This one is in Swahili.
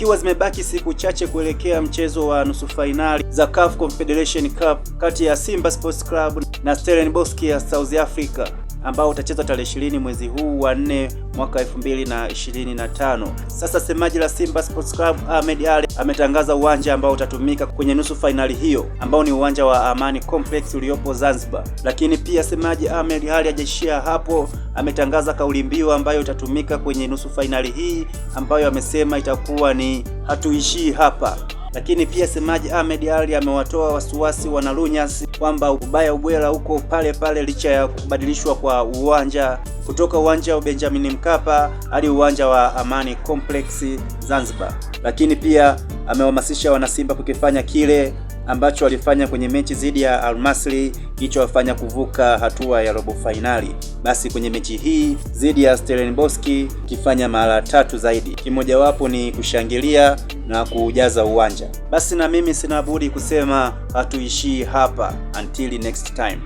Zikiwa zimebaki siku chache kuelekea mchezo wa nusu fainali za CAF Confederation Cup kati ya Simba Sports Club na Stellenbosch ya South Africa ambao utacheza tarehe 20 mwezi huu wa 4 mwaka 2025. Sasa semaji la Simba Sports Club Ahmed Ally ametangaza uwanja ambao utatumika kwenye nusu fainali hiyo ambao ni uwanja wa Amani Complex uliopo Zanzibar. Lakini pia semaji Ahmed Ally hajaishia hapo, ametangaza kauli mbiu ambayo itatumika kwenye nusu fainali hii ambayo amesema itakuwa ni hatuishii hapa. Lakini pia semaji Ahmed Ally amewatoa wasiwasi wanalunyas kwamba ubaya ubwela uko pale pale licha ya kubadilishwa kwa uwanja kutoka uwanja wa Benjamin Mkapa hadi uwanja wa Amani Complex Zanzibar. Lakini pia amewahamasisha wanasimba kukifanya kile ambacho walifanya kwenye mechi dhidi ya Almasri kilichowafanya kuvuka hatua ya robo fainali. Basi kwenye mechi hii dhidi ya Stellenbosch kifanya mara tatu zaidi, kimojawapo ni kushangilia na kuujaza uwanja. Basi na mimi sina budi kusema hatuishii hapa, until next time.